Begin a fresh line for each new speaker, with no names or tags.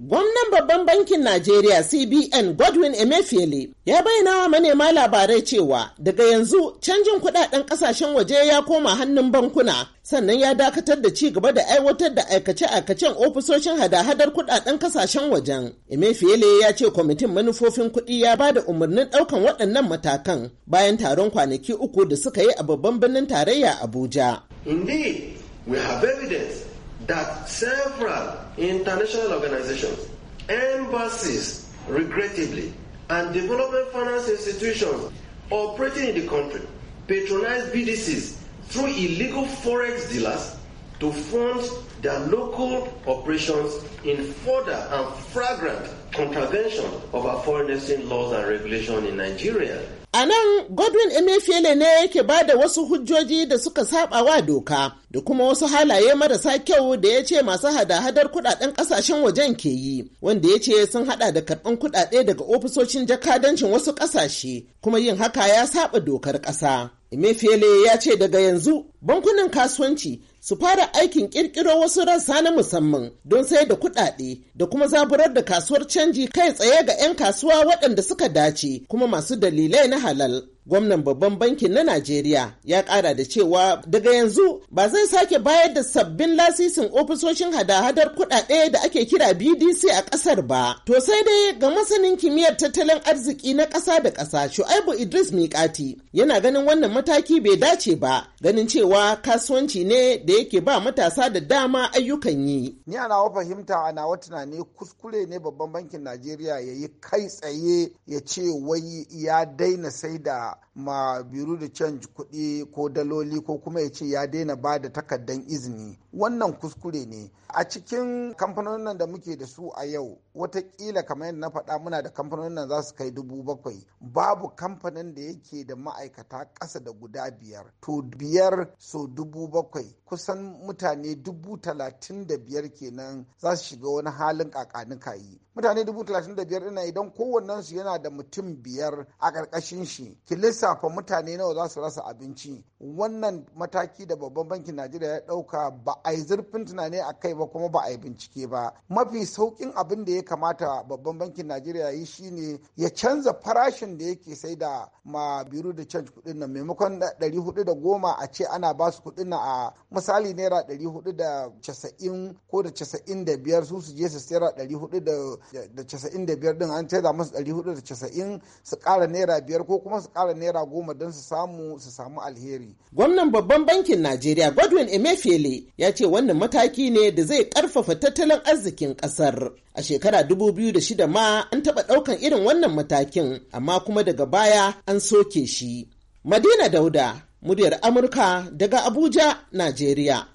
Gwamnan babban bankin Najeriya CBN Godwin Emefiele ya bayyana wa manema labarai cewa daga yanzu canjin kudaden kasashen waje ya koma hannun bankuna sannan ya dakatar da ci gaba da aiwatar da aikace-aikacen ofisoshin hada-hadar kudaden kasashen wajen. Emefiele ya ce kwamitin manufofin kuɗi ya ba da umarnin ɗaukan waɗannan matakan bayan taron kwanaki uku da suka yi a babban birnin tarayya Abuja.
Indeed, we have evidence that several international organizations, embassies, regrettably, and development finance institutions operating in the country patronize BDCs through illegal forex dealers to fund their local operations in further and flagrant contravention of our foreign exchange laws and regulations in Nigeria.
A nan Godwin Emefiele ne yake ba da wasu hujjoji da suka saba wa doka da kuma wasu halaye marasa kyau da ya ce masu hada-hadar kudaden kasashen wajen ke yi wanda ya ce sun hada da karɓan kudade daga ofisoshin jakadancin wasu kasashe kuma yin haka ya saba dokar ƙasa, Emefiele ya ce daga yanzu bankunan kasuwanci su fara aikin kirkiro wasu rassa na musamman don sai da kuɗaɗe da kuma zaburar da kasuwar canji kai tsaye ga 'yan kasuwa waɗanda suka dace kuma masu dalilai na halal. gwamnan babban bankin na Najeriya ya ƙara da cewa daga yanzu ba zai sake bayar da sabbin lasisin ofisoshin hada-hadar kuɗaɗe da ake kira BDC a ƙasar ba. To sai dai ga masanin kimiyyar tattalin arziki na ƙasa da ƙasa Shu'aibu Idris Mikati yana ganin wannan mataki bai dace ba ganin cewa kasuwanci ne da yake ba matasa da dama ayyukan yi.
Ni a nawa fahimta a nawa tunani kuskure ne babban bankin Najeriya ya yi kai tsaye ya ce wai ya daina sai da ma biro da canji kuɗi ko daloli ko kuma ya ce ya daina ba da takardan izini wannan kuskure ne a cikin kamfanonin da muke da su a yau watakila kamar yadda na faɗa muna da kamfanonin nan za su kai dubu bakwai babu kamfanin da yake da ma'aikata ƙasa da guda biyar to biyar so dubu bakwai kusan mutane dubu talatin da biyar kenan za su shiga wani halin ƙaƙanuka yi mutane dubu talatin da biyar ina idan kowannensu yana da mutum biyar a ƙarƙashin shi kilisa shafa mutane nawa za su rasa abinci wannan mataki da babban bankin najeriya ya dauka ba a yi zurfin tunani a kai ba kuma ba a yi bincike ba mafi saukin abin da ya kamata babban bankin najeriya ya yi shine ya canza farashin da yake sai da ma biru da canji kudin nan maimakon ɗari hudu da goma a ce ana ba su kudin nan a misali naira ɗari hudu da casa'in ko da casa'in da biyar su su je su sayar ɗari hudu da casa'in da biyar din an canza musu ɗari hudu da casa'in su ƙara naira biyar ko kuma su ƙara naira shekara goma don su samu su samu alheri.
Gwamnan babban bankin Najeriya Godwin Emefiele ya ce wannan mataki ne da zai karfafa tattalin arzikin kasar. A shekara 2006 ma an taɓa ɗaukan irin wannan matakin amma kuma daga baya an soke shi. Madina Dauda, muryar Amurka daga Abuja, Najeriya.